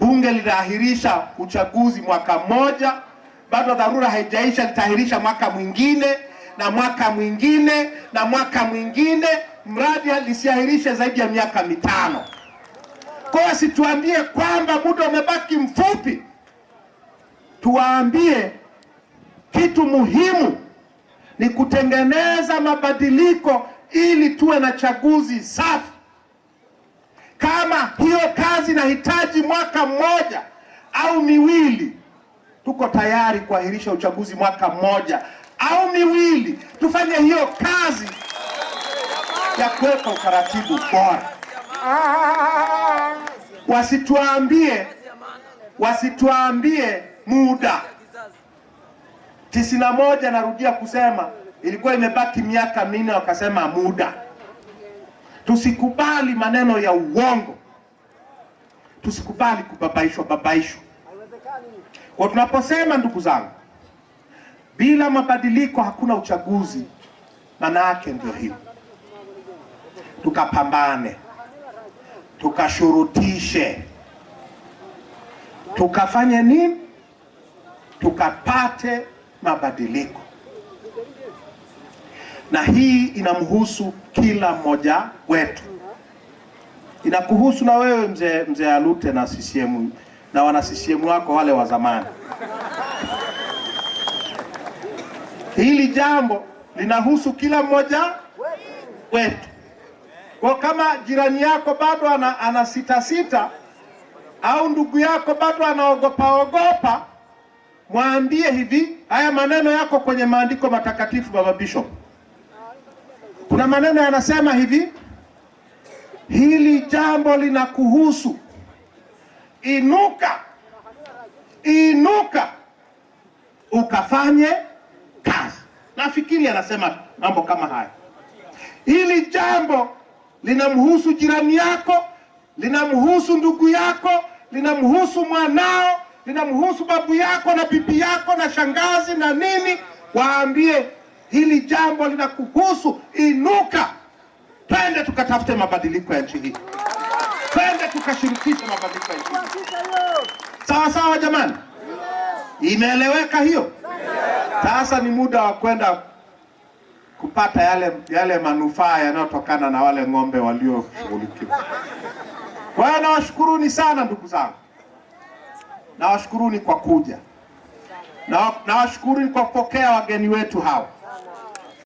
bunge litaahirisha uchaguzi mwaka mmoja, bado dharura haijaisha, litaahirisha mwaka mwingine na mwaka mwingine na mwaka mwingine, mradi lisiahirishe zaidi ya miaka mitano. Kwa hiyo situambie kwamba muda umebaki mfupi, tuwaambie kitu muhimu ni kutengeneza mabadiliko ili tuwe na chaguzi safi basi inahitaji mwaka mmoja au miwili, tuko tayari kuahirisha uchaguzi mwaka mmoja au miwili, tufanye hiyo kazi ya kuweka utaratibu bora. Wasituambie, wasituambie muda tisini na moja. Narudia kusema ilikuwa imebaki miaka minne, wakasema muda. Tusikubali maneno ya uongo. Tusikubali kubabaishwa babaishwa. Kwa tunaposema ndugu zangu, bila mabadiliko hakuna uchaguzi, maana yake ndio hiyo. Tukapambane, tukashurutishe, tukafanye nini, tukapate mabadiliko, na hii inamhusu kila mmoja wetu inakuhusu na wewe mzee mzee Alute na CCM na wana CCM wako wale wa zamani. Hili jambo linahusu kila mmoja wetu. Kwa kama jirani yako bado ana, ana sita sita au ndugu yako bado anaogopa ogopa, mwambie hivi, haya maneno yako kwenye maandiko matakatifu. Baba Bishop, kuna maneno yanasema hivi hili jambo linakuhusu. Inuka, inuka ukafanye kazi. Nafikiri anasema mambo kama haya. Hili jambo linamhusu jirani yako, linamhusu ndugu yako, linamhusu mwanao, linamhusu babu yako na bibi yako na shangazi na nini. Waambie hili jambo linakuhusu, inuka. Twende tukatafute mabadiliko ya nchi hii, twende tukashirikishe mabadiliko ya nchi hii. Sawa sawa, jamani, imeeleweka hiyo? Sasa ni muda wa kwenda kupata yale, yale manufaa yanayotokana na wale ng'ombe walioshughulikiwa. Kwa hiyo nawashukuruni sana ndugu zangu, nawashukuruni kwa kuja na nawashukuruni kwa kupokea wageni wetu hawa.